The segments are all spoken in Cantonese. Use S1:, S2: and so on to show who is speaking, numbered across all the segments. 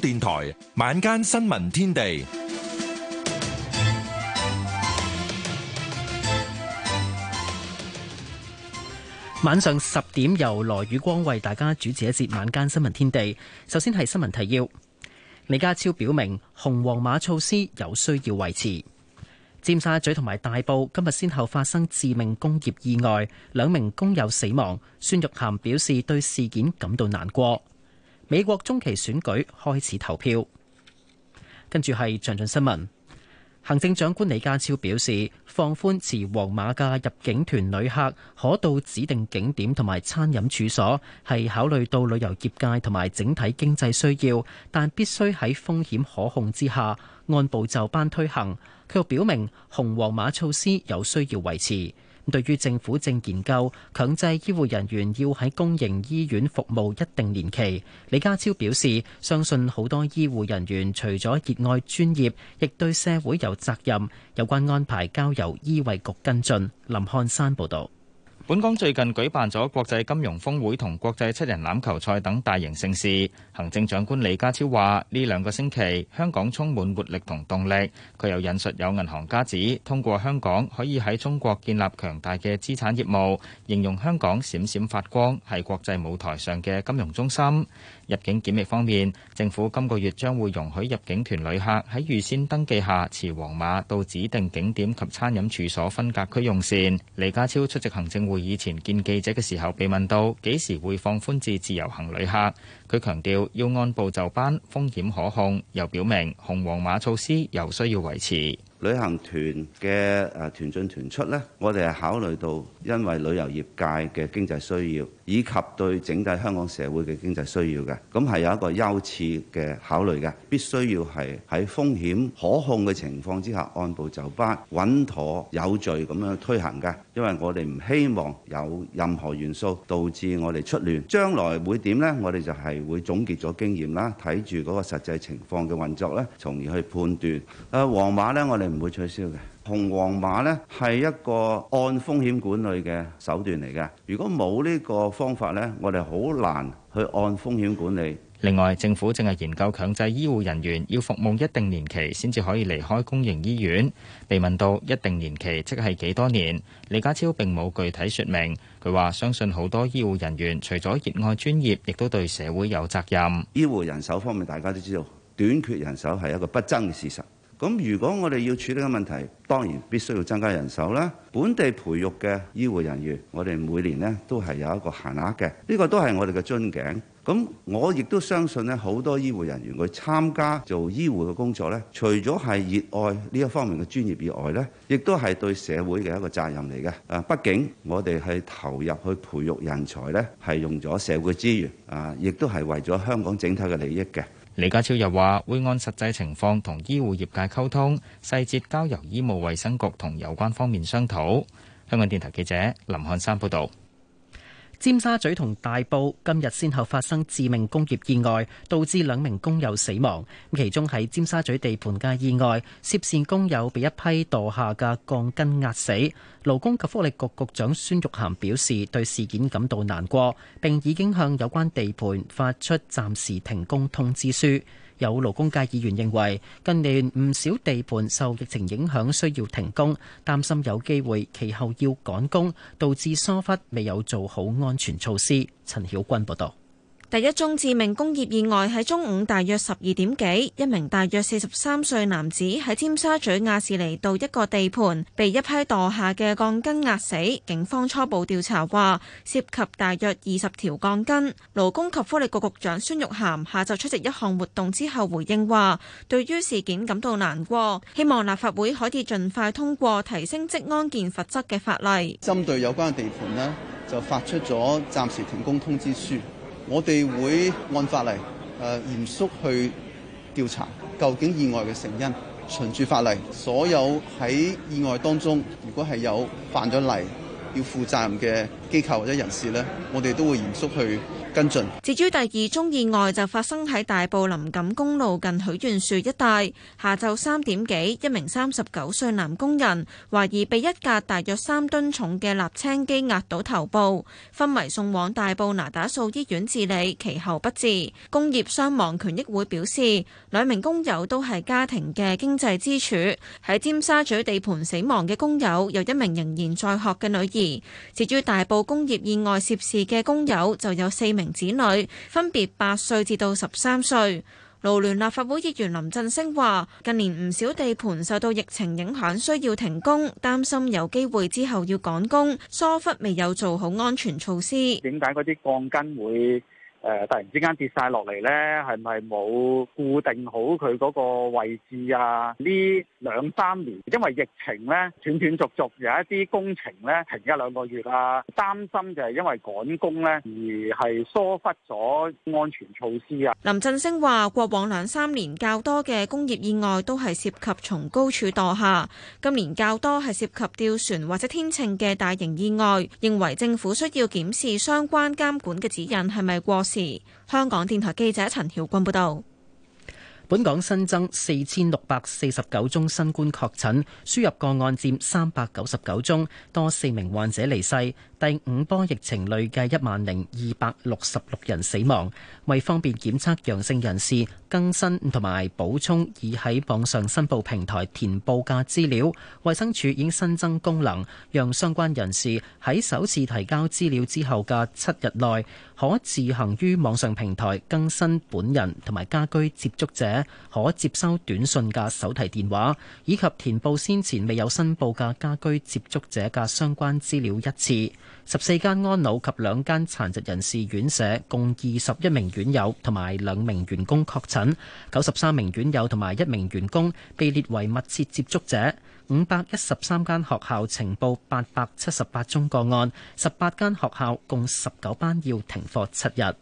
S1: 電台晚間
S2: 新聞天地，晚上十點由羅宇光為大家主持一節晚間新聞天地。首先係新聞提要，李家超表明紅黃馬措施有需要維持。尖沙咀同埋大埔今日先後發生致命工業意外，兩名工友死亡。孫玉涵表示對事件感到難過。美國中期選舉開始投票，跟住係詳盡新聞。行政長官李家超表示，放寬持黃碼嘅入境團旅客可到指定景點同埋餐飲處所，係考慮到旅遊業界同埋整體經濟需要，但必須喺風險可控之下按部就班推行。佢又表明，紅黃碼措施有需要維持。對於政府正研究強制醫護人員要喺公營醫院服務一定年期，李家超表示相信好多醫護人員除咗熱愛專業，亦對社會有責任。有關安排交由醫衛局跟進。林漢山報導。本港最近
S3: 舉辦咗國際金融峰會同國際七人欖球賽等大型盛事，行政長官李家超話：呢兩個星期香港充滿活力同動力。佢又引述有銀行家指，通過香港可以喺中國建立強大嘅資產業務，形容香港閃閃發光，係國際舞台上嘅金融中心。入境檢疫方面，政府今個月將會容許入境團旅客喺預先登記下持黃碼到指定景點及餐飲處所分隔區用膳。李家超出席行政會議前見記者嘅時候，被問到幾時會放寬至自由行旅客，佢強調要按步就班，風險可控，又表明紅黃碼措施又需要維持。
S4: 旅行團嘅誒團進團出咧，我哋係考慮到因為旅遊業界嘅經濟需要。以及對整體香港社會嘅經濟需要嘅，咁係有一個優次嘅考慮嘅，必須要係喺風險可控嘅情況之下按部就班、穩妥有序咁樣推行嘅。因為我哋唔希望有任何元素導致我哋出亂。將來會點呢？我哋就係會總結咗經驗啦，睇住嗰個實際情況嘅運作咧，從而去判斷。誒、啊，黃碼呢，我哋唔會取消嘅。紅黃碼呢，係
S3: 一個按風險管理嘅手段。
S4: 咁如果我哋要處理嘅問題，當然必須要增加人手啦。本地培育嘅醫護人員，我哋每年呢都係有一個限額嘅。呢個都係我哋嘅樽頸。咁我亦都相信呢好多醫護人員去參加做醫護嘅工作呢，除咗係熱愛呢一方面嘅專業以外呢，亦都係對社會嘅一個責任嚟嘅。啊，畢竟我哋係投入去培育人才呢，係用咗社會資源，啊，亦都係為咗香港整體嘅利益嘅。
S3: 李家超又話：會按實際情況同醫護業界溝通，細節交由醫務衛生局同有關方面商討。香港電台記者林漢山報道。
S2: 尖沙咀同大埔今日先後發生致命工業意外，導致兩名工友死亡。其中喺尖沙咀地盤嘅意外，涉事工友被一批墮下嘅鋼筋壓死。勞工及福利局局局長孫玉菡表示，對事件感到難過，並已經向有關地盤發出暫時停工通知書。有勞工界議員認為，近年唔少地盤受疫情影響需要停工，擔心有機會其後要趕工，導致疏忽未有做好安全措施。陳曉君報導。
S5: 第一宗致命工業意外喺中午，大約十二點幾，一名大約四十三歲男子喺尖沙咀亞士厘道一個地盤被一批墮下嘅鋼筋壓死。警方初步調查話涉及大約二十條鋼筋。勞工及福利局局長孫玉菡下晝出席一項活動之後，回應話對於事件感到難過，希望立法會可以盡快通過提升職安健罰則嘅法例。
S4: 針對有關的地盤呢就發出咗暫時停工通知書。
S6: 我哋會按法例，誒嚴肅去調查究竟意外嘅成因，循住法例，所有喺意外當中，如果係有犯咗例，要負責任嘅機構或者人士呢，我哋都會嚴肅去
S4: 跟進。
S5: 至於第二宗意外就發生喺大埔林錦公路近許願樹一帶，下晝三點幾，一名三十九歲男工人懷疑被一架大約三噸重嘅瀝青機壓到頭部，昏迷送往大埔那打素醫院治理，其後不治。工業傷亡權益會表示，兩名工友都係家庭嘅經濟支柱，喺尖沙咀地盤死亡嘅工友有一名仍然在學嘅女兒。至於大埔部工業意外涉事嘅工友就有四名子女，分別八歲至到十三歲。勞聯立法會議員林振昇話：近年唔少地盤受到疫情影響，需要停工，擔心有機會之後要趕工，疏忽未有做好安全措施。點解嗰啲鋼筋會？誒突然之間跌晒落嚟呢，係咪冇固定好佢嗰個
S7: 位置啊？呢兩三年因為疫情呢，斷斷續續有一啲工程呢，停一兩個月啊，擔心就係因為趕工呢，而係疏忽咗安全措施啊。
S5: 林振聲話，過往兩三年較多嘅工業意外都係涉及從高處墮下，今年較多係涉及吊船或者天秤嘅大型意外，認為政府需要檢視相關監管嘅指引係咪過。香港電台記者陳曉君報道。本港新增
S2: 四千六百四十九宗新冠確診，輸入個案佔三百九十九宗，多四名患者離世。第五波疫情累計一萬零二百六十六人死亡。為方便檢測陽性人士更新同埋補充已喺網上申報平台填報嘅資料，衛生署已經新增功能，讓相關人士喺首次提交資料之後嘅七日內可自行於網上平台更新本人同埋家居接觸者可接收短信嘅手提電話，以及填報先前未有申報嘅家居接觸者嘅相關資料一次。十四間安老及兩間殘疾人士院舍，共二十一名院友同埋兩名員工確診，九十三名院友同埋一名員工被列為密切接觸者。五百一十三間學校呈報八百七十八宗個案，十八間學校共十九班要停課七日。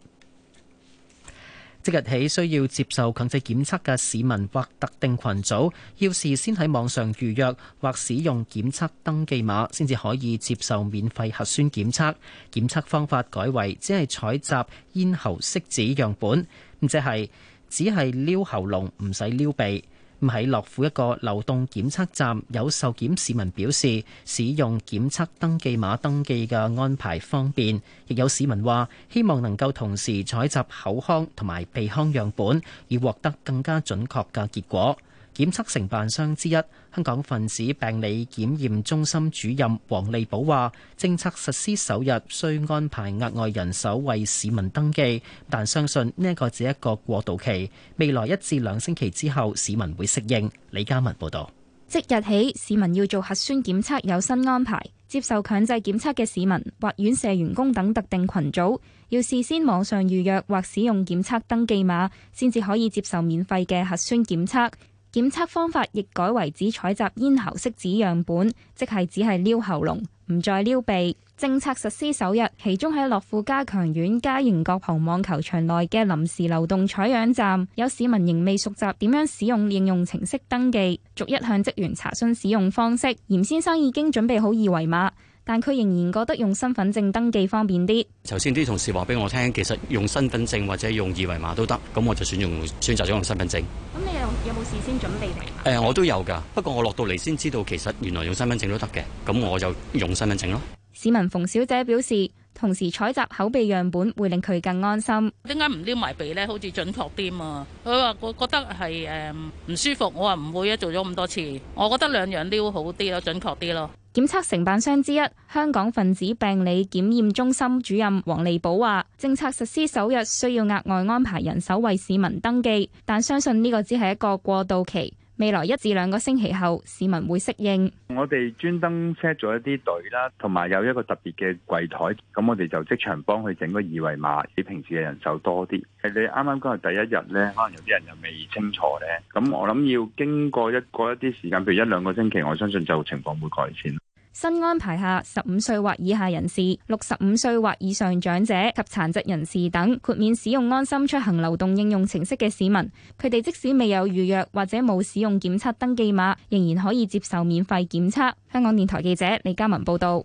S2: 即日起需要接受強制檢測嘅市民或特定群組，要事先喺網上預約或使用檢測登記碼，先至可以接受免費核酸檢測。檢測方法改為只係採集咽喉拭子樣本，咁即係只係撩喉嚨，唔使撩鼻。咁喺樂富一個流動檢測站，有受檢市民表示，使用檢測登記碼登記嘅安排方便，亦有市民話希望能夠同時採集口腔同埋鼻腔樣本，以獲得更加準確嘅結果。檢測承辦商之一，香港分子病理檢驗中心主任黃利寶話，政策實施首日需安排額外人手為市民登記，但相信呢個只係一個過渡期，未來一至兩星期之後，市民會適應。李嘉文報導，
S8: 即日起市民要做核酸檢測有新安排，接受強制檢測嘅市民或院舍員工等特定群組，要事先網上預約或使用檢測登記碼，先至可以接受免費嘅核酸檢測。檢測方法亦改為只採集咽喉拭子樣本，即係只係撩喉嚨，唔再撩鼻。政策實施首日，其中喺樂富加強院加盈閣旁網球場內嘅臨時流動採樣站，有市民仍未熟習點樣使用應用程式登記，逐一向職員查詢使用方式。嚴先生已經準備好二維碼。但佢仍然覺得用身份證登記方便啲。
S3: 頭先啲同事話俾我聽，其實用身份證或者用二維碼都得，咁我就選用選擇咗用身份證。咁你
S8: 有有冇事先準
S3: 備嚟？誒、呃，我都有噶，不過我落到嚟先知道，其實原來用身份證都得嘅，咁我就用身份證咯。
S8: 市民馮小姐表示，同時採集口鼻樣本會令佢更安心。點
S9: 解唔撩埋鼻咧？好似準確啲嘛？佢話我覺得係誒唔
S10: 舒服，我話唔會啊，做咗咁多次，我覺得兩樣撩好啲咯，準確啲咯。
S8: 檢測承辦商之一香港分子病理檢驗中心主任黃利寶話，政策實施首日需要額外安排人手為市民登記，但相信呢個只係一個過渡期，未來一至兩個星期後，市民會適應。
S7: 我哋專登 set 咗一啲隊啦，同埋有一個特別嘅櫃台，咁我哋就即場幫佢整個二維碼，比平時嘅人手多啲。你啱啱講係第一日呢，可能有啲人又未清楚咧，咁我諗要經過一個一啲時間，譬如一兩個星期，我相信就情況會改善。
S8: 新安排下，十五歲或以下人士、六十五歲或以上長者及殘疾人士等，豁免使用安心出行流動應用程式嘅市民，佢哋即使未有預約或者冇使用檢測登記碼，仍然可以接受免費檢測。香港電台記者李嘉文報道。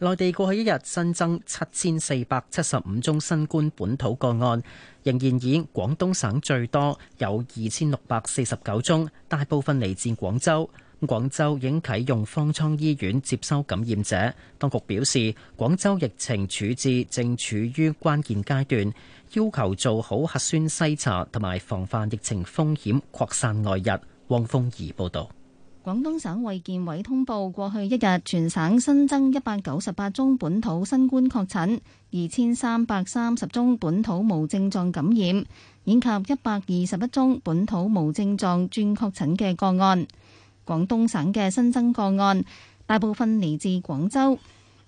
S2: 內地過去一日新增七千四百七十五宗新冠本土個案，仍然以廣東省最多，有二千六百四十九宗，大部分嚟自廣州。廣州已經啟用方艙醫院接收感染者。當局表示，廣州疫情處置正處於關鍵階段，要求做好核酸篩查同埋防範疫情風險擴散。外日汪峰儀報導，
S11: 廣東省衛健委通報，過去一日全省新增一百九十八宗本土新冠確診，二千三百三十宗本土無症狀感染，以及一百二十一宗本土無症狀轉確診嘅個案。廣東省嘅新增個案大部分嚟自廣州，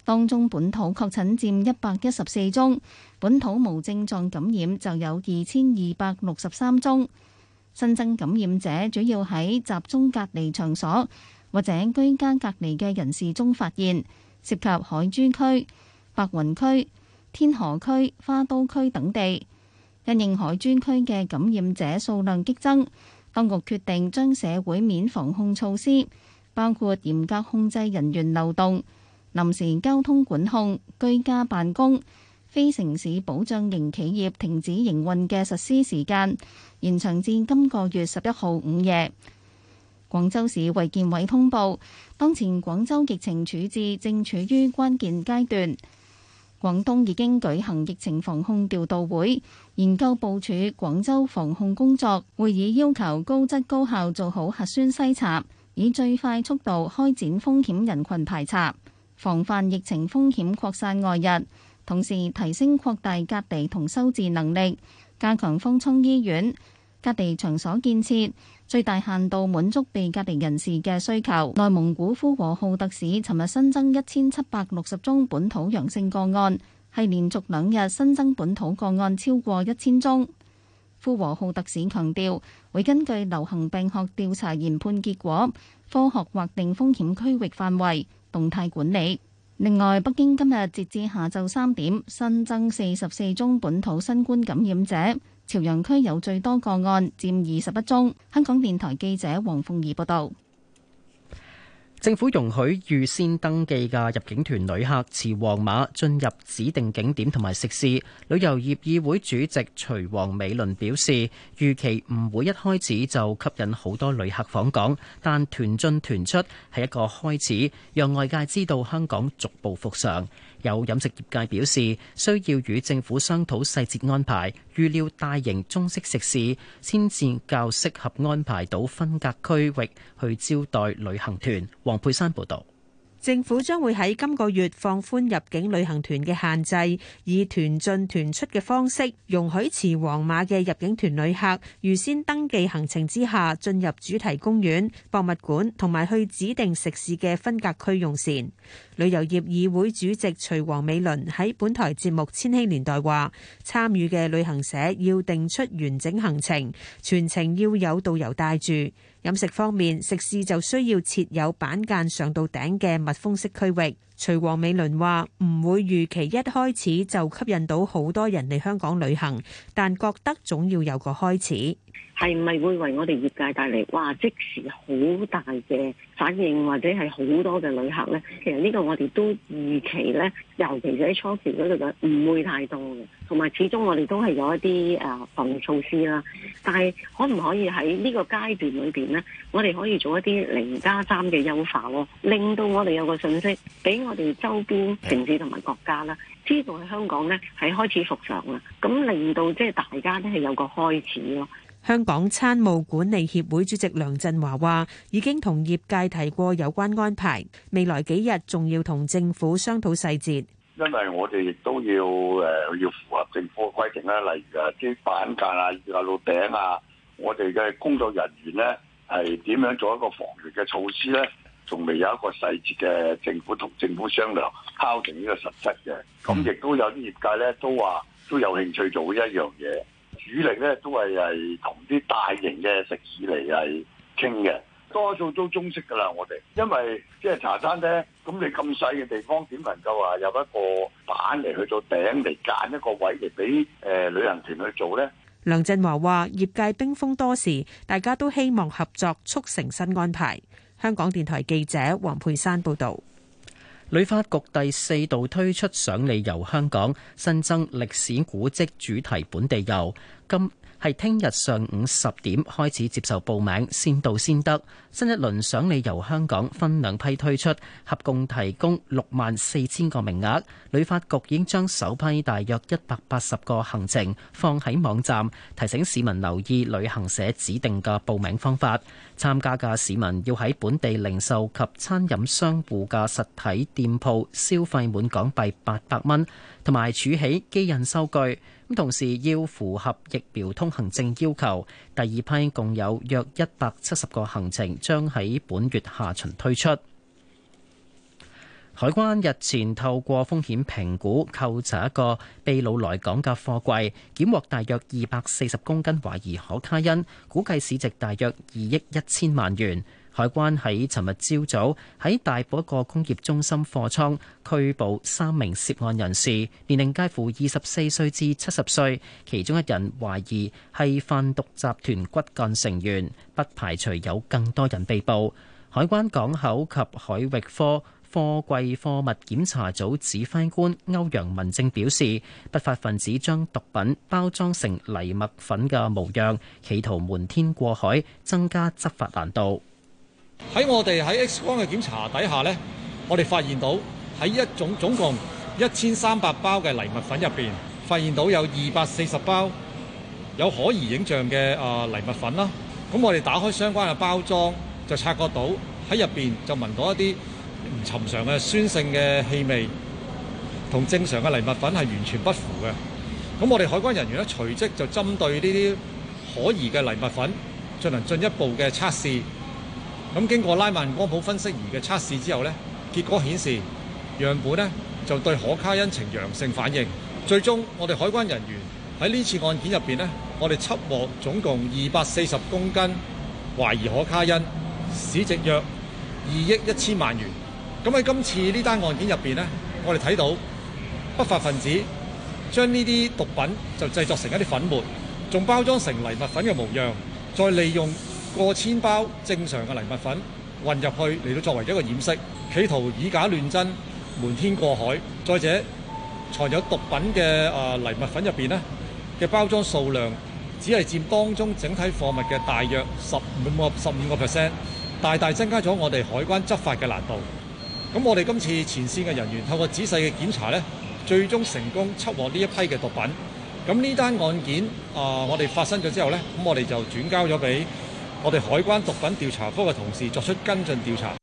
S11: 當中本土確診佔一百一十四宗，本土無症狀感染就有二千二百六十三宗。新增感染者主要喺集中隔離場所或者居家隔離嘅人士中發現，涉及海珠區、白雲區、天河區、花都區等地。因應海珠區嘅感染者數量激增。當局決定將社會面防控措施，包括嚴格控制人員流動、臨時交通管控、居家辦公、非城市保障型企業停止營運嘅實施時間，延長至今個月十一號午夜。廣州市衛健委通報，當前廣州疫情處置正處於關鍵階段。廣東已經舉行疫情防控調度會，研究部署廣州防控工作。會議要求高質高效做好核酸篩查，以最快速度開展風險人群排查，防範疫情風險擴散外溢，同時提升擴大隔離同收治能力，加強方艙醫院、隔離場所建設。最大限度滿足被隔離人士嘅需求。內蒙古呼和浩特市尋日新增一千七百六十宗本土陽性個案，係連續兩日新增本土個案超過一千宗。呼和浩特市強調，會根據流行病學調查研判結果，科學劃定風險區域範圍，動態管理。另外，北京今日截至下晝三點，新增四十四宗本土新冠感染者。朝陽區有最多個案，占二十一宗。香港電台記者黃鳳儀報道，
S2: 政府容許預先登記嘅入境團旅客持黃碼進入指定景點同埋食肆。旅遊業議會主席徐王美倫表示，預期唔會一開始就吸引好多旅客訪港，但團進團出係一個開始，讓外界知道香港逐步復常。有飲食業界表示，需要與政府商討細節安排，預料大型中式食肆先至較適合安排到分隔區域去招待旅行團。黃佩珊報導。
S9: 政府將會喺今個月放寬入境旅行團嘅限制，以團進團出嘅方式容許持黃碼嘅入境團旅客預先登記行程之下，進入主題公園、博物館同埋去指定食肆嘅分隔區用膳。旅遊業議會主席徐王美倫喺本台節目《千禧年代》話：參與嘅旅行社要定出完整行程，全程要有導遊帶住。飲食方面，食肆就需要設有板間上到頂嘅密封式區域。徐王美倫話：唔會預期一開始就吸引到好多人嚟香港旅行，但覺得總要有個開始。係唔係會為我哋業界帶嚟，哇即時好大嘅反應，或者係好多嘅旅客呢？其實
S10: 呢個我哋都預期呢，尤其喺初期嗰度嘅唔會太多嘅。同埋始終我哋都係有一啲誒防疫措施啦。但係可唔可以喺呢個階段裏邊呢，我哋可以做一啲零加三嘅優化咯，令到我哋有個信息俾我哋周邊城市同埋國家啦，知道喺香港呢係開始復常啦。
S9: 咁令到即係大家都係有個開始咯。香港餐務管理協會主席梁振華話，已經同業界提過有關安排，未來幾日仲要同政府商討細節。
S1: 因為我哋亦都要誒，要符合政府嘅規定啦，例如誒啲板架啊，架到頂啊，我哋嘅工作人員咧係點樣做一個防疫嘅措施咧，仲未有一個細節嘅政府同政府商量敲定呢個實質嘅。咁亦都有啲業界咧都話都有興趣做一樣嘢。主力咧都係係同啲大型嘅食肆嚟係傾嘅，多數都中式噶啦。我哋因為即係茶餐廳咁，你咁細嘅地方點能夠話有一個板嚟去到頂嚟揀一個位嚟俾
S7: 誒旅行團去做呢？
S9: 梁振華話，業界冰封多時，大家都希望合作促成新安排。香港電台記者黃佩珊報道。
S2: 旅發局第四度推出賞你遊香港，新增歷史古蹟主題本地遊。今係聽日上午十點開始接受報名，先到先得。新一輪想你遊香港分兩批推出，合共提供六萬四千個名額。旅發局已經將首批大約一百八十個行程放喺網站，提醒市民留意旅行社指定嘅報名方法。參加嘅市民要喺本地零售及餐飲商戶嘅實體店鋪消費滿港幣八百蚊，同埋儲起機印收據。咁同時要符合疫苗通行證要求，第二批共有約一百七十個行程將喺本月下旬推出。海關日前透過風險評估，扣查一個秘魯來港嘅貨櫃，檢獲大約二百四十公斤懷疑可卡因，估計市值大約二億一千萬元。海關喺尋日朝早喺大埔一個工業中心貨倉拘捕三名涉案人士，年齡介乎二十四歲至七十歲，其中一人懷疑係販毒集團骨幹成員，不排除有更多人被捕。海關港口及海域科貨櫃貨物檢查組指揮官歐陽文正表示，不法分子將毒品包裝成藜麥粉嘅模樣，企圖瞞天過海，增加執法難度。
S7: 喺我哋喺 X 光嘅檢查底下咧，我哋發現到喺一種總共一千三百包嘅泥物粉入邊，發現到有二百四十包有可疑影像嘅啊泥物粉啦。咁我哋打開相關嘅包裝就察覺到喺入邊就聞到一啲唔尋常嘅酸性嘅氣味，同正常嘅泥物粉係完全不符嘅。咁我哋海關人員咧隨即就針對呢啲可疑嘅泥物粉進行進一步嘅測試。咁經過拉曼光譜分析儀嘅測試之後呢，結果顯示樣本呢就對可卡因呈陽性反應。最終我哋海關人員喺呢次案件入面呢，我哋緝獲總共二百四十公斤懷疑可卡因，市值約二億一千萬元。咁喺今次呢單案件入面呢，我哋睇到不法分子將呢啲毒品就製作成一啲粉末，仲包裝成泥物粉嘅模樣，再利用。過千包正常嘅泥物粉混入去嚟到，作為一個掩飾，企圖以假亂真、瞞天過海。再者，藏有毒品嘅啊、呃、泥物粉入邊咧嘅包裝數量，只係佔當中整體貨物嘅大約十五個十五個 percent，大大增加咗我哋海關執法嘅難度。咁我哋今次前線嘅人員透過仔細嘅檢查咧，最終成功測獲呢一批嘅毒品。咁呢單案件啊、呃，我哋發生咗之後呢，咁我哋就轉交咗俾。我哋海關毒品調查科嘅同事作出跟進調查。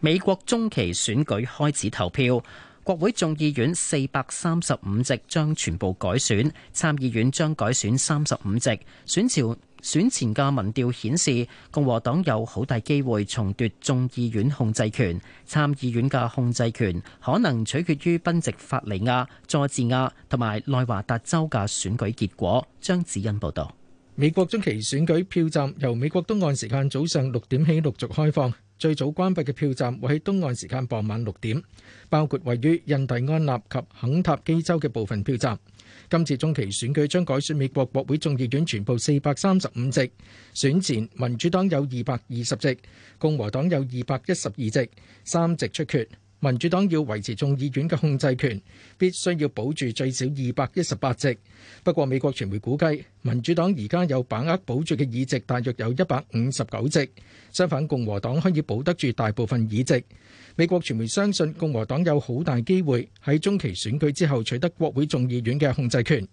S2: 美國中期選舉開始投票，國會眾議院四百三十五席將全部改選，參議院將改選三十五席。選朝選前嘅民調顯示共和黨有好大機會重奪眾議院控制權，參議院嘅控制權可能取決於賓夕法尼亞、佐治亞同埋內華達州嘅選舉結果。張子欣報導。美國中期選舉票
S12: 站由美國東岸時間早上六點起陸續開放，最早關閉嘅票站會喺東岸時間傍晚六點，包括位於印第安納及肯塔基州嘅部分票站。今次中期選舉將改選美國國會眾議院全部四百三十五席，選前民主黨有二百二十席，共和黨有二百一十二席，三席出缺。民主黨要維持眾議院嘅控制權，必須要保住最少二百一十八席。不過，美國傳媒估計，民主黨而家有把握保住嘅議席大約有一百五十九席。相反，共和黨可以保得住大部分議席。美國傳媒相信共和黨有好大機會喺中期選舉之後取得國會眾議院嘅控制權。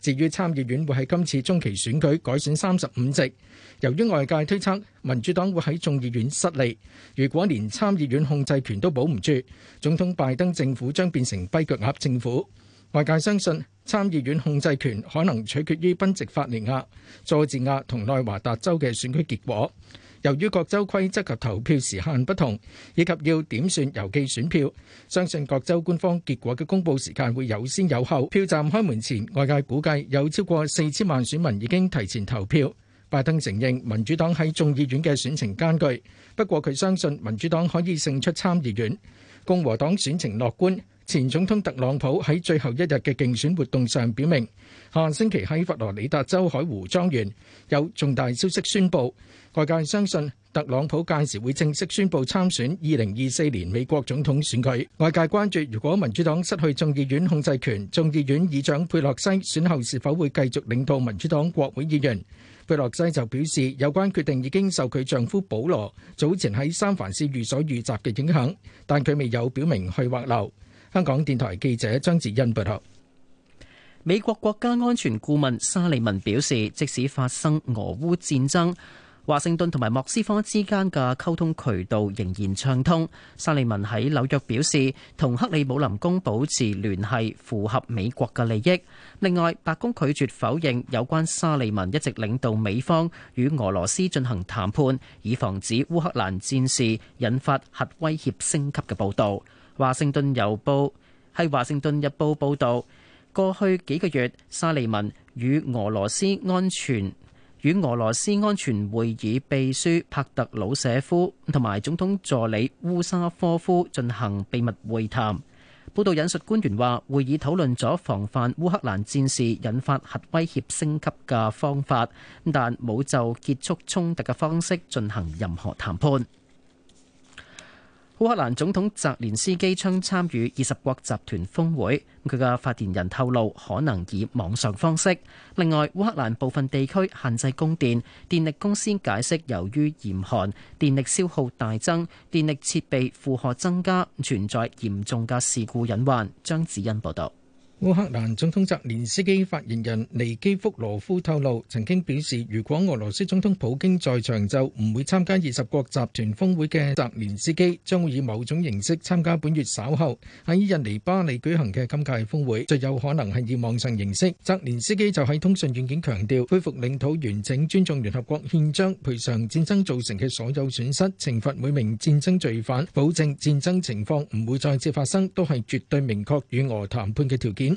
S12: 至於參議院會喺今次中期選舉改選三十五席，由於外界推測民主黨會喺眾議院失利，如果連參議院控制權都保唔住，總統拜登政府將變成跛腳鴨政府。外界相信參議院控制權可能取決於賓夕法尼亞、佐治亞同內華達州嘅選舉結果。由於各州規則及投票時限不同，以及要點算郵寄選票，相信各州官方結果嘅公佈時間會有先有後。票站開門前，外界估計有超過四千萬選民已經提前投票。拜登承認民主黨喺眾議院嘅選情艱巨，不過佢相信民主黨可以勝出參議院。共和黨選情樂觀，前總統特朗普喺最後一日嘅競選活動上表明，下星期喺佛羅里達州海湖莊園有重大消息宣佈。外界相信特朗普屆時會正式宣布參選二零二四年美國總統選舉。外界關注，如果民主黨失去眾議院控制權，眾議院議長佩洛西選後是否會繼續領導民主黨國會議員？佩洛西就表示，有關決定已經受佢丈夫保羅早前喺三藩市寓所遇襲嘅影響，但佢未有表明去或留。香港電台記者張志欣報道。
S2: 美國國家安全顧問沙利文表示，即使發生俄烏戰爭。華盛頓同埋莫斯科之間嘅溝通渠道仍然暢通。沙利文喺紐約表示，同克里姆林宮保持聯繫符合美國嘅利益。另外，白宮拒絕否認有關沙利文一直領導美方與俄羅斯進行談判，以防止烏克蘭戰事引發核威脅升級嘅報導。《華盛頓郵報》係《華盛頓日報》報道，過去幾個月沙利文與俄羅斯安全。與俄羅斯安全會議秘書帕特魯舍夫同埋總統助理烏沙科夫進行秘密會談。報道引述官員話，會議討論咗防範烏克蘭戰事引發核威脅升級嘅方法，但冇就結束衝突嘅方式進行任何談判。烏克蘭總統澤連斯基將參與二十國集團峰會，佢嘅發言人透露可能以網上方式。另外，烏克蘭部分地區限制供電，電力公司解釋，由於嚴寒，電力消耗大增，電力設備負荷增加，存在嚴重嘅事故隱患。張子欣報道。
S12: 烏克蘭總統澤連斯基發言人尼基福羅夫透露，曾經表示，如果俄羅斯總統普京在場就唔會參加二十國集團峰會嘅澤連斯基，將會以某種形式參加本月稍後喺印尼巴厘舉行嘅今屆峰會，最有可能係以網上形式。澤連斯基就喺通訊軟件強調，恢復領土完整、尊重聯合國憲章、賠償戰爭造成嘅所有損失、懲罰每名戰爭罪犯、保證戰爭情況唔會再次發生，都係絕對明確與俄談判嘅條件。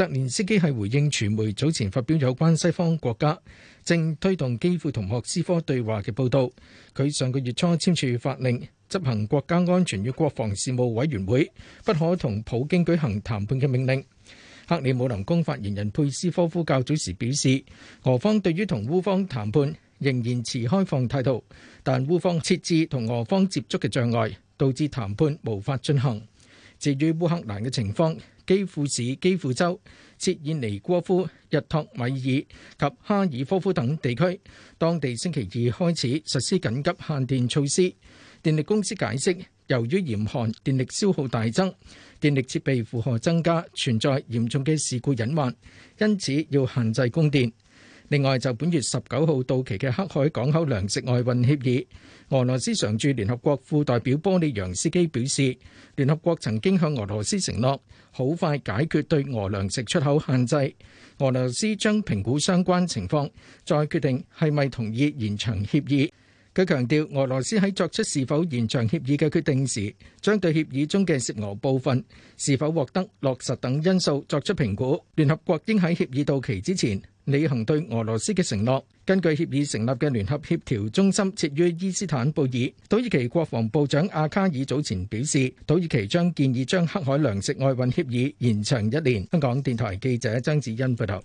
S12: 澤連斯基係回應傳媒早前發表有關西方國家正推動基輔同莫斯科對話嘅報導。佢上個月初簽署法令，執行國家安全與國防事務委員會不可同普京舉行談判嘅命令。克里姆林宮發言人佩斯科夫較早時表示，俄方對於同烏方談判仍然持開放態度，但烏方設置同俄方接觸嘅障礙，導致談判無法進行。至於烏克蘭嘅情況，基輔市、基輔州、切爾尼戈夫、日托米爾及哈爾科夫等地區，當地星期二開始實施緊急限電措施。電力公司解釋，由於嚴寒，電力消耗大增，電力設備負荷增加，存在嚴重嘅事故隱患，因此要限制供電。另外，就本月十九號到期嘅黑海港口糧食外運協議，俄羅斯常駐聯合國副代表波利揚斯基表示，聯合國曾經向俄羅斯承諾好快解決對俄糧食出口限制。俄羅斯將評估相關情況，再決定係咪同意延長協議。佢強調，俄羅斯喺作出是否延長協議嘅決定時，將對協議中嘅涉俄部分是否獲得落實等因素作出評估。聯合國應喺協議到期之前，履行對俄羅斯嘅承諾，根據協議成立嘅聯合協調中心設於伊斯坦布爾。土耳其國防部長阿卡爾早前表示，土耳其將建議將黑海糧食外運協議延長一年。香港電台記者
S2: 張子欣報道。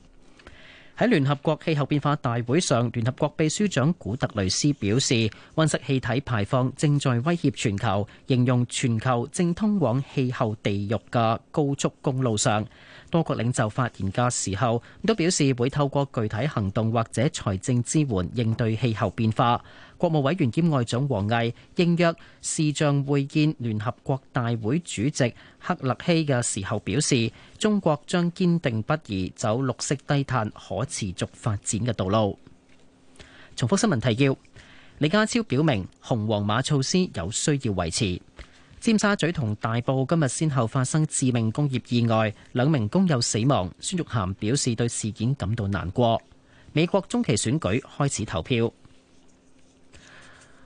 S2: 喺聯合國氣候變化大會上，聯合國秘書長古特雷斯表示，溫室氣體排放正在威脅全球，形容全球正通往氣候地獄嘅高速公路上。多國領袖發言嘅時候都表示會透過具體行動或者財政支援應對氣候變化。國務委員兼外長王毅應約視像會見聯合國大會主席克勒希嘅時候表示，中國將堅定不移走綠色低碳、可持續發展嘅道路。重複新聞提要，李家超表明紅黃馬措施有需要維持。尖沙咀同大埔今日先後發生致命工業意外，兩名工友死亡。孫玉菡表示對事件感到難過。美國中期選舉開始投票。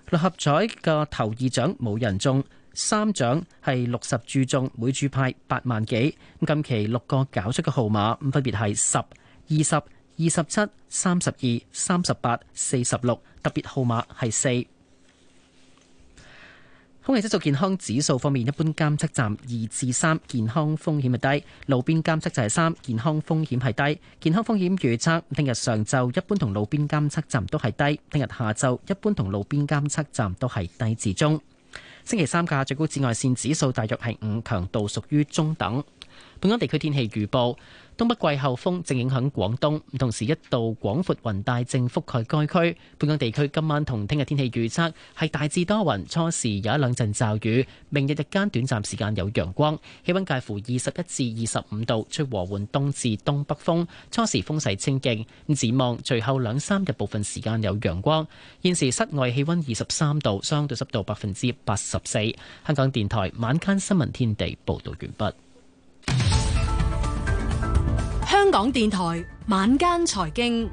S2: 六合彩嘅頭二獎冇人中，三獎係六十注中，每注派八萬幾。咁近期六個搞出嘅號碼，分別係十、二十、二十七、三十二、三十八、四十六。特別號碼係四。空氣質素健康指數方面，一般監測站二至三，健康風險係低；路邊監測就係三，健康風險係低。健康風險預測，聽日上晝一般同路邊監測站都係低；聽日下晝一般同路邊監測站都係低至中。星期三嘅最高紫外綫指數大約係五，強度屬於中等。本港地區天氣預報。東北季候風正影響廣東，同時一道廣闊雲帶正覆蓋該區。本港地區今晚同聽日天氣預測係大致多雲，初時有一兩陣驟雨。明日日間短暫時間有陽光，氣温介乎二十一至二十五度，吹和緩東至東北風，初時風勢清勁。咁展望隨後兩三日部分時間有陽光。現時室外氣温二十三度，相對濕度百分之八十四。香港電台晚間新聞天地報道完畢。
S9: 香港電台晚間財經，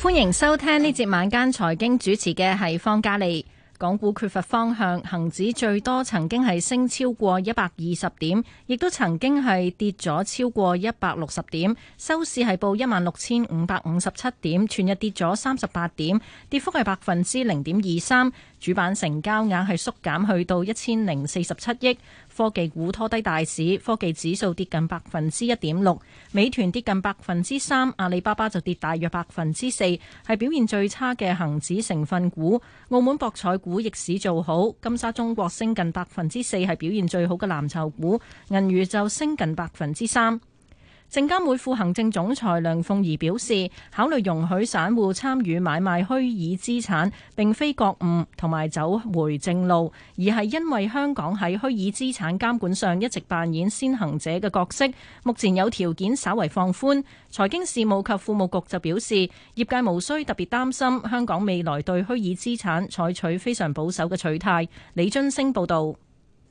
S10: 歡迎收聽呢節晚間財經，主持嘅係方嘉利。港股缺乏方向，恒指最多曾經係升超過一百二十點，亦都曾經係跌咗超過一百六十點，收市係報一萬六千五百五十七點，全日跌咗三十八點，跌幅係百分之零點二三。主板成交額係縮減去到一千零四十七億，科技股拖低大市，科技指數跌近百分之一點六，美團跌近百分之三，阿里巴巴就跌大約百分之四，係表現最差嘅恒指成分股。澳門博彩股逆市做好，金沙中國升近百分之四，係表現最好嘅藍籌股，銀娛就升近百分之三。證監會副行政總裁梁鳳儀表示，考慮容許散戶參與買賣虛擬資產並非覺悟同埋走回正路，而係因為香港喺虛擬資產監管上一直扮演先行者嘅角色，目前有條件稍為放寬。財經事務及庫務局就表示，業界無需特別擔心香港未來對虛擬資產採取非常保守嘅取態。李津升報道。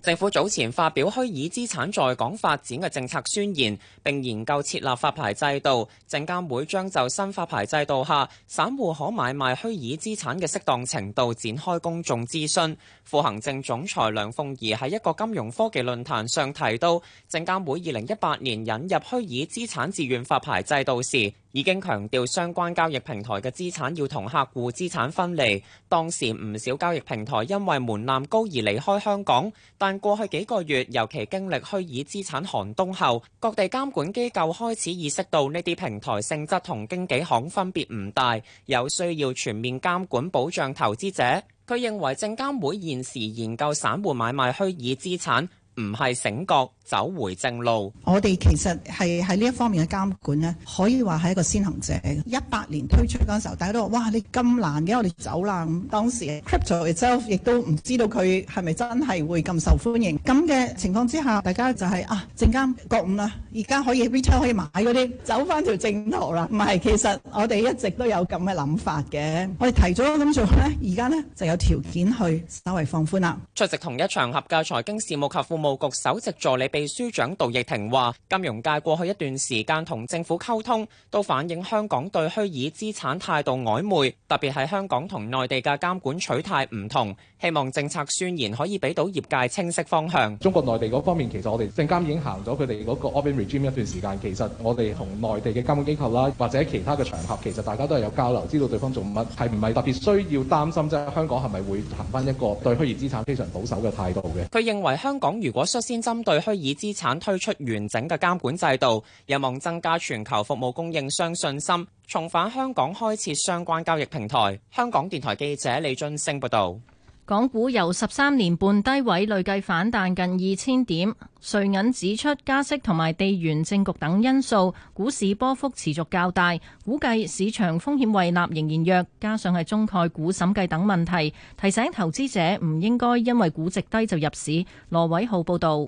S6: 政府早前發表虛擬資產在港發展嘅政策宣言，並研究設立發牌制度。證監會將就新發牌制度下，散戶可買賣虛擬資產嘅適當程度，展開公眾諮詢。副行政總裁梁鳳儀喺一個金融科技論壇上提到，證監會二零一八年引入虛擬資產自願發牌制度時，已經強調相關交易平台嘅資產要同客戶資產分離。當時唔少交易平台因為門檻高而離開香港，但過去幾個月，尤其經歷虛擬資產寒冬後，各地監管機構開始意識到呢啲平台性質同經紀行分別唔大，有需要全面監管保障投資者。佢認為證監會現時研究散戶買賣虛擬資產。唔係醒覺走回正路，
S10: 我哋其實係喺呢一方面嘅監管咧，可以話係一個先行者。一八年推出嗰陣時候，大家都話：哇，你咁難嘅，我哋走啦。咁當時 cryptocurrency 亦都唔知道佢係咪真係會咁受歡迎。咁嘅情況之下，大家就係啊，證監覺悟啦，而家可以 bitcoin 可以買嗰啲，走翻條正路啦。唔係，其實我哋一直都有咁嘅諗法嘅。我哋提早咗咁做咧，而家咧就有條件去稍微放寬啦。
S6: 出席同一場合嘅財經事務及務局首席助理秘書長杜逸婷話：金融界過去一段時間同政府溝通，都反映香港對虛擬資產態度曖昧，特別係香港同內地嘅監管取態唔同。希望政策宣言可以俾到業界清晰方向。中國內地嗰方面，其實我哋證監已經行咗佢哋嗰個 open regime 一段時間。其實我哋同內地嘅監管機構啦，或者
S12: 其他嘅場合，其實大家都係有交流，知道對方做乜，係唔係特別需要擔心，即係香港係咪會
S7: 行翻一個對虛擬資產非常保守嘅態度嘅？
S6: 佢認為香港如果率先針對虛擬資產推出完整嘅監管制度，有望增加全球服務供應商信心，重返香港開設相關交易平台。香港電台記者李津升報導。
S10: 港股由十三年半低位累計反彈近二千點，瑞銀指出加息同埋地緣政局等因素，股市波幅持續較大。估計市場風險胃納仍然弱，加上係中概股審計等問題，提醒投資者唔應該因為估值低就入市。羅偉浩報道。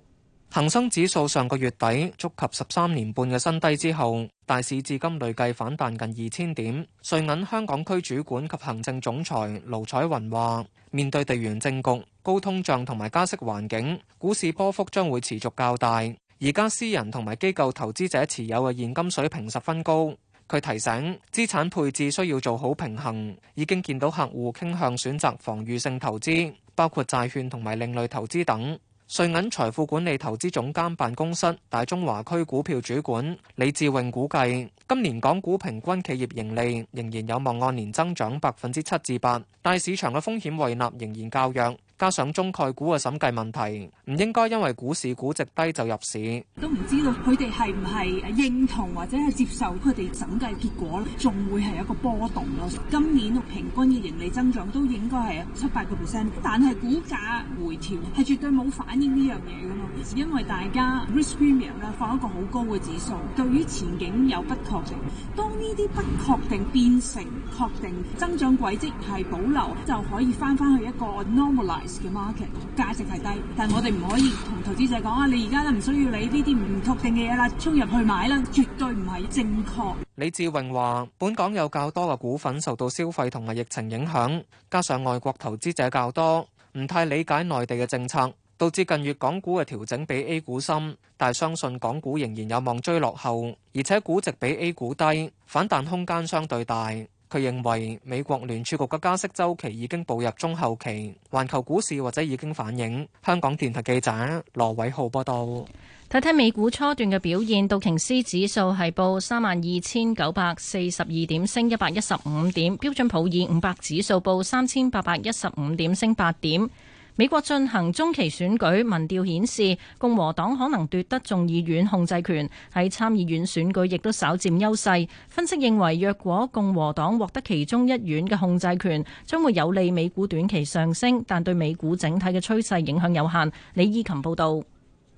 S13: 恒生指數上個月底觸及十三年半嘅新低之後，大市至今累計反彈近二千點。瑞銀香港區主管及行政總裁盧彩雲話：面對地緣政局、高通脹同埋加息環境，股市波幅將會持續較大。而家私人同埋機構投資者持有嘅現金水平十分高。佢提醒，資產配置需要做好平衡。已經見到客戶傾向選擇防禦性投資，包括債券同埋另類投資等。瑞銀財富管理投資總監辦公室大中華區股票主管李志穎估計，今年港股平均企業盈利仍然有望按年增長百分之七至八，但市場嘅風險胃納仍然較弱。加上中概股嘅審計問題，唔應該因為股市估值低就
S9: 入市。都唔知道佢哋係唔係認同或者係接受佢哋審計結果咧？仲會係一個波動咯。今年個平均嘅盈利增長都應該係七八個 percent，但係股價回調係絕對冇反映呢樣嘢噶嘛？因為大家 risk premium 咧放一個好高嘅指數，對於前景有不確定。當呢啲不確定變成確定，增長軌迹係保留，就可以翻翻去一個 normal。market 價值係低，但係我哋唔可以同投資者講啊！你而家都唔需要理呢啲唔確定嘅嘢啦，衝入去買啦，絕對唔係正確。
S13: 李志榮話：本港有較多嘅股份受到消費同埋疫情影響，加上外國投資者較多，唔太理解內地嘅政策，導致近月港股嘅調整比 A 股深。但係相信港股仍然有望追落後，而且估值比 A 股低，反彈空間相對大。佢認為美國聯儲局嘅加息周期已經步入中後期，環球股市或者已經反映。香港電台記者羅偉浩報道。
S10: 睇睇美股初段嘅表現，道瓊斯指數係報三萬二千九百四十二點，升一百一十五點；標準普爾五百指數報三千八百一十五點，升八點。美國進行中期選舉，民調顯示共和黨可能奪得眾議院控制權。喺參議院選舉亦都稍佔優勢。分析認為，若果共和黨獲得其中一院嘅控制權，將會有利美股短期上升，但對美股整體嘅趨勢影響有限。李依琴報道：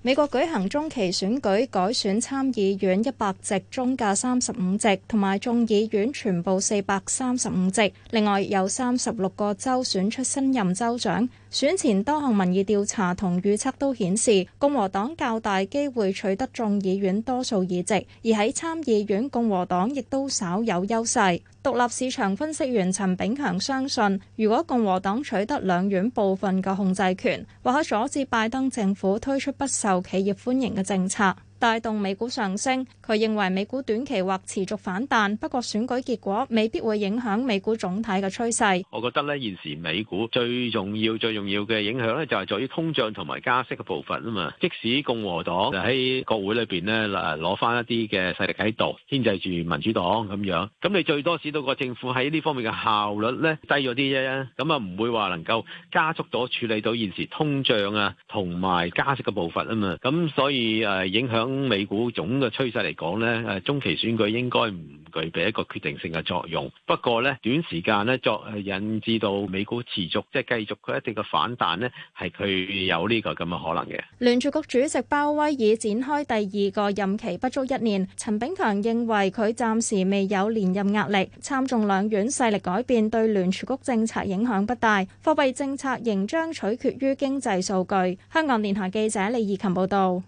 S14: 美國舉行中期選舉，改選參議院一百席中嘅三十五席，同埋眾議院全部四百三十五席。另外有三十六個州選出新任州長。選前多項民意調查同預測都顯示共和黨較大機會取得眾議院多數議席，而喺參議院共和黨亦都稍有優勢。獨立市場分析員陳炳強相信，如果共和黨取得兩院部分嘅控制權，或可阻止拜登政府推出不受企業歡迎嘅政策。帶動美股上升，佢認為美股短期或持續反彈，不過選舉結果未必會影響美股總體嘅趨勢。
S3: 我覺得咧，現時美股最
S12: 重要、最重要嘅影響咧，就係在於通脹同埋加息嘅部分啊嘛。即使共和黨就
S7: 喺國會裏邊咧，嗱攞翻一啲嘅勢力喺度牽制住民主黨咁樣，
S12: 咁你最多使到個政府喺呢方面嘅效率咧低咗啲啫，咁啊唔會話能夠加速到處理到現時通脹啊同埋加息嘅部分啊嘛。咁所以誒影響。中美股總嘅趨勢嚟講呢，誒中期選舉應該唔具備一個決定性嘅作用。不過呢短時間呢，作引致到美股持續即係繼續佢一定嘅反彈呢，係佢有呢個咁嘅可能嘅。
S14: 聯儲局主席鮑威爾展開第二個任期不足一年，陳炳強認為佢暫時未有連任壓力。參眾兩院勢力改變對聯儲局政策影響不大，貨幣政策仍將取決於經濟數據。香港電台記者李義琴報道。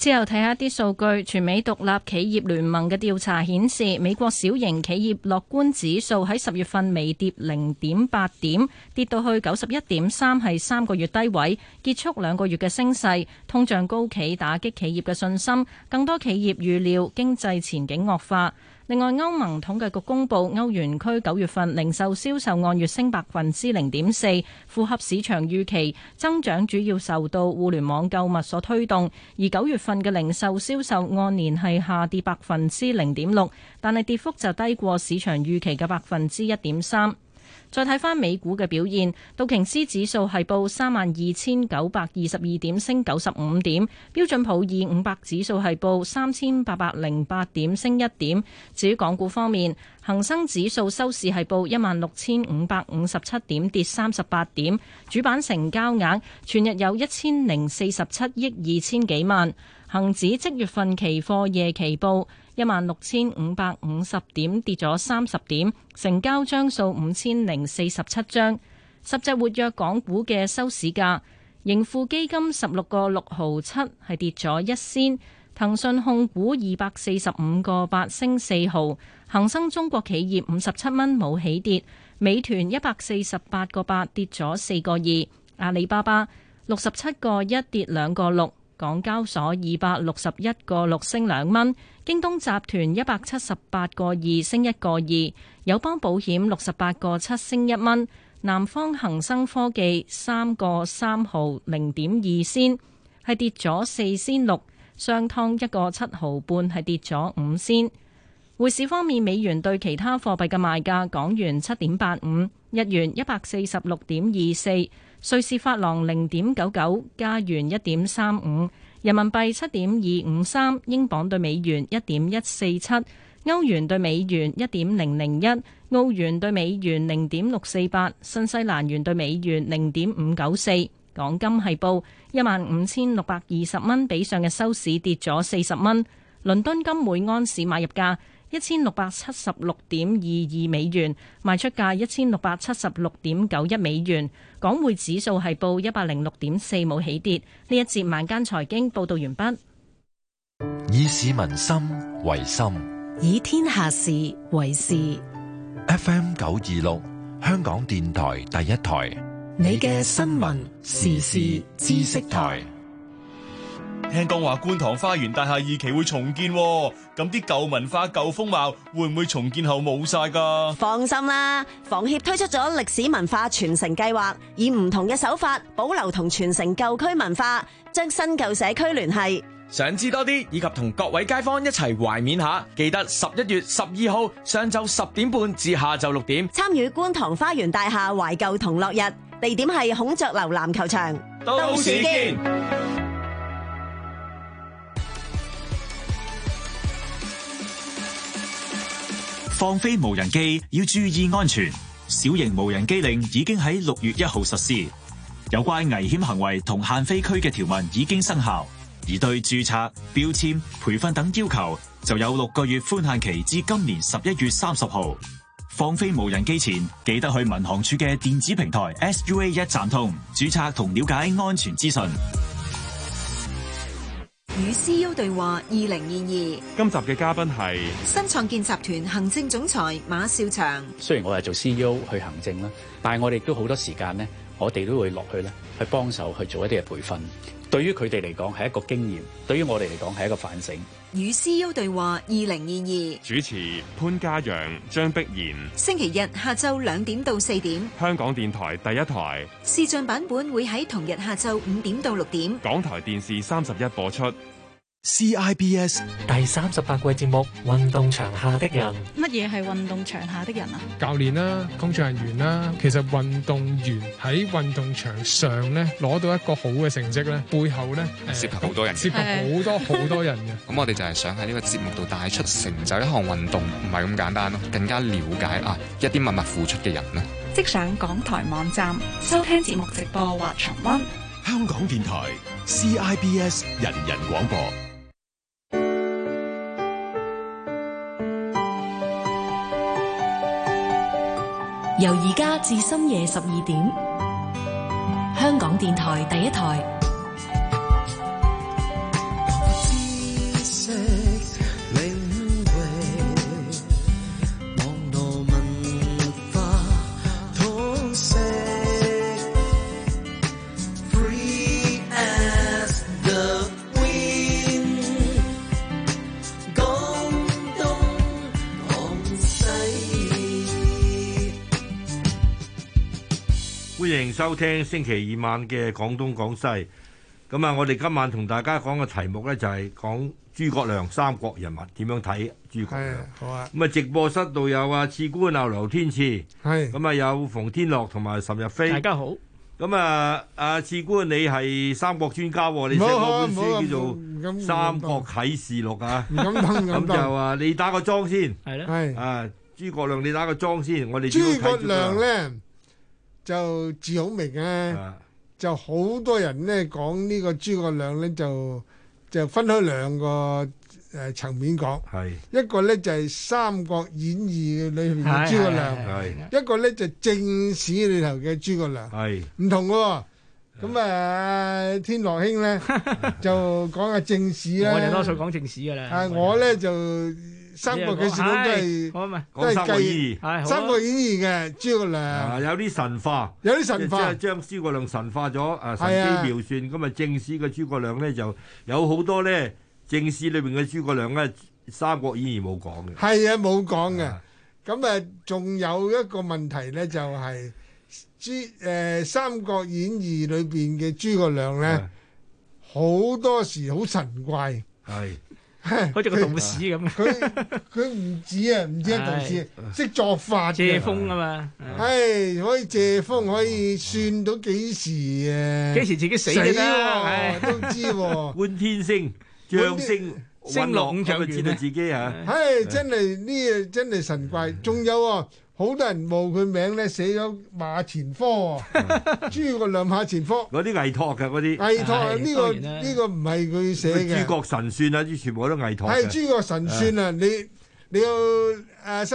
S10: 之後睇下啲數據，全美獨立企業聯盟嘅調查顯示，美國小型企業樂觀指數喺十月份微跌零點八點，跌到去九十一點三，係三個月低位，結束兩個月嘅升勢。通脹高企打擊企業嘅信心，更多企業預料經濟前景惡化。另外，歐盟統計局公布歐元區九月份零售銷售按月升百分之零點四，符合市場預期，增長主要受到互聯網購物所推動。而九月份嘅零售銷售按年係下跌百分之零點六，但係跌幅就低過市場預期嘅百分之一點三。再睇翻美股嘅表現，道瓊斯指數係報三萬二千九百二十二點，升九十五點；標準普爾五百指數係報三千八百零八點，升一點。至於港股方面，恒生指數收市係報一萬六千五百五十七點，跌三十八點。主板成交額全日有一千零四十七億二千幾萬。恒指即月份期貨夜期報。一萬六千五百五十點跌咗三十點，成交張數五千零四十七張。十隻活躍港股嘅收市價，盈富基金十六個六毫七係跌咗一仙，騰訊控股二百四十五個八升四毫，恒生中國企業五十七蚊冇起跌，美團一百四十八個八跌咗四個二，阿里巴巴六十七個一跌兩個六。港交所二百六十一個六升兩蚊，京東集團一百七十八個二升一個二，友邦保險六十八個七升一蚊，南方恒生科技三個三毫零點二仙，係跌咗四仙六，商湯一個七毫半係跌咗五仙。匯市方面，美元對其他貨幣嘅賣價，港元七點八五，日元一百四十六點二四。瑞士法郎零點九九，加元一點三五，人民幣七點二五三，英鎊兌美元一點一四七，歐元兌美元一點零零一，澳元兌美元零點六四八，新西蘭元兌美元零點五九四。港金係報一萬五千六百二十蚊，比上日收市跌咗四十蚊。倫敦金每安士買入價一千六百七十六點二二美元，賣出價一千六百七十六點九一美元。港匯指數係報一百零六點四冇起跌。呢一節晚間財經報道完畢。
S13: 以市民心為心，以天下事
S1: 為事。FM 九二六，香港電台第一台，你嘅新聞時事知識台。聽講話觀塘花園大廈二期會重建，咁啲舊文化、舊風貌會唔會重
S6: 建後冇晒噶？
S11: 放心啦，房協推出咗歷史文化傳承計劃，以唔同嘅手法保留同傳承舊區文化，將新舊社區聯繫。
S6: 想知多啲，以及同各位街坊一齊懷緬下，記得十一月十二號上晝十點半至下晝六點，
S11: 參與觀塘花園大廈懷舊同樂日，地點係孔雀樓籃球場。到時
S6: 見。
S7: 放飛無人機要注意安全。小型無人機令已經喺六月一號實施，有關危險行為同限飛區嘅條文已經生效，而對注冊、標籤、培訓等要求就有六個月寬限期，至今年十一月三十號。放飛無人機前記得去民航處嘅電子平台 SUA 一站通注冊同了解安全資訊。
S5: 與 CEO 對話二零二二，
S7: 今集嘅嘉賓係
S5: 新創建集團行政總裁馬少祥。
S7: 雖然我係做 CEO 去行政啦，但係我哋都好多時間咧，
S3: 我哋都會落去咧，去幫手去做一啲嘅培訓。對於佢哋嚟講係一個經驗，
S7: 對於我哋嚟講係一個反省。
S5: 與 C U 對話二零二二，
S7: 主持潘嘉陽、張碧然。
S5: 星期日下晝兩點到四點，
S7: 香港電台第一台
S5: 視像版本會喺同日下晝五點到六點，
S13: 港台電視三十一播出。CIBS 第三十八季節目《運動場下的人》，
S5: 乜
S10: 嘢係運動場下的人啊？
S13: 教練啦、啊，工作人員啦、啊，其實運動員喺運動場上咧，攞到一個好嘅成績咧，背後咧，係涉及好多人，涉及好多好多人嘅。咁 我哋就係想喺呢個節目度帶出，成就一項運動唔係咁簡單咯、啊，更加了解啊一啲默默付出嘅人咯、
S11: 啊。即上港台網站收聽節目直播或重溫。
S7: 香港電台 CIBS 人人廣播。
S10: 由而家至深夜十二點，香港電台第一台。
S1: 收聽星期二晚嘅《廣東廣西》，咁啊，我哋今晚同大家講嘅題目咧就係講諸葛亮，三國人物點樣睇諸葛亮。係好啊！咁啊，直播室度有啊，賜官鬧劉天賜。係咁啊，有馮天樂同埋岑日飛。大家好。咁啊，啊賜官，你係三國專家，你寫過本書叫做《三國啟示錄》啊。唔敢碰咁。咁就話你打個樁先。係咧。係。啊，諸葛亮，你打個樁先，我哋。諸葛亮咧。
S15: 就字孔明啊，就好多人咧講呢講個諸葛亮咧就就分開兩個誒層、呃、面講，一個咧就係、是《三國演義》裏面嘅諸葛亮，一個咧就是、正史裏頭嘅諸葛亮，唔同嘅、哦。咁啊，天樂兄咧就講下正史啦、啊。 我哋多數講正史噶啦。我咧就。三國嘅書都係係、哎哎即係《三國演義》。《三國演義》嘅諸葛亮，
S1: 有啲神化，有啲神化，即係將諸葛亮神化咗。啊，神機妙算。咁啊，正史嘅諸葛亮咧，就有好多咧，正史裏邊嘅諸葛亮咧，呃《三國演義》冇講
S15: 嘅。係啊，冇講嘅。咁啊，仲有一個問題咧，就係諸，誒《三國演義》裏邊嘅諸葛亮咧，好多時好神怪。係。好似個道士咁，佢佢唔止啊，唔止係道士，識作法，借風啊嘛，係可以借風可以算到時時幾時啊？幾時自己死啦？都知換、
S1: 啊、 天星、陽星、星朗，就丈，知道自己吓、啊那個啊，唉，啊、真
S15: 係呢嘢真係神怪，仲有啊。好多人冒佢名咧，寫咗馬前科啊！諸葛亮馬前科，嗰啲偽託嘅，嗰 啲。偽託、這個這個、啊！呢個呢個唔係佢寫嘅。諸
S1: 葛神算啊！啲全部都偽託，係諸葛神算
S15: 啊！你你要誒。